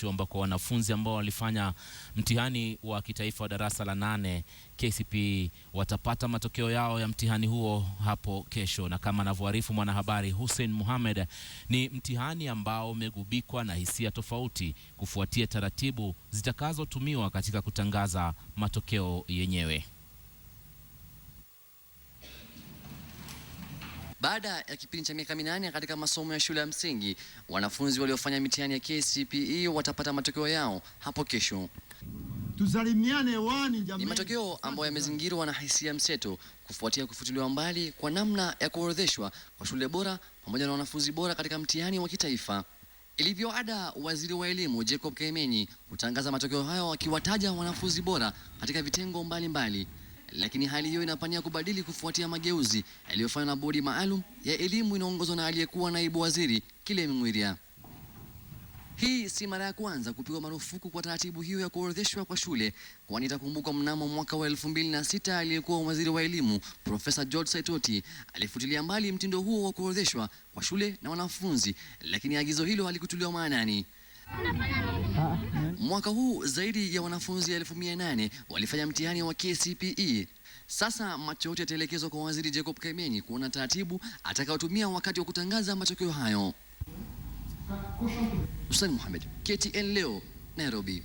kesho, ambako wanafunzi ambao walifanya mtihani wa kitaifa wa darasa la nane kcp watapata matokeo yao ya mtihani huo hapo kesho. Na kama anavyoarifu mwanahabari Hussein Mohamed, ni mtihani ambao umegubikwa na hisia tofauti kufuatia taratibu zitakazotumiwa katika kutangaza matokeo yenyewe. Baada ya kipindi cha miaka minane katika masomo ya shule ya msingi, wanafunzi waliofanya mitihani ya KCPE watapata matokeo yao hapo kesho. Tuzalimiane wani jamii. Ni matokeo ambayo yamezingirwa na hisia mseto kufuatia kufutiliwa mbali kwa namna ya kuorodheshwa kwa shule bora pamoja na wanafunzi bora katika mtihani wa kitaifa. Ilivyo ada, waziri wa elimu Jacob Kemenyi hutangaza matokeo hayo akiwataja wanafunzi bora katika vitengo mbalimbali mbali lakini hali hiyo inapania kubadili kufuatia mageuzi yaliyofanywa na bodi maalum ya elimu inaongozwa na aliyekuwa naibu waziri Kilemi Mwiria. Hii si mara ya kwanza kupigwa marufuku kwa taratibu hiyo ya kuorodheshwa kwa shule, kwani itakumbukwa mnamo mwaka wa elfu mbili na sita aliyekuwa waziri wa elimu Profesa George Saitoti alifutilia mbali mtindo huo wa kuorodheshwa kwa shule na wanafunzi, lakini agizo hilo halikutuliwa maanani. Mwaka huu zaidi ya wanafunzi elfu mia nane walifanya mtihani wa KCPE. Sasa macho yote yataelekezwa kwa Waziri Jacob Kaimenyi kuona taratibu atakayotumia wakati wa kutangaza matokeo hayo. Hussein Mohamed, KTN leo, Nairobi.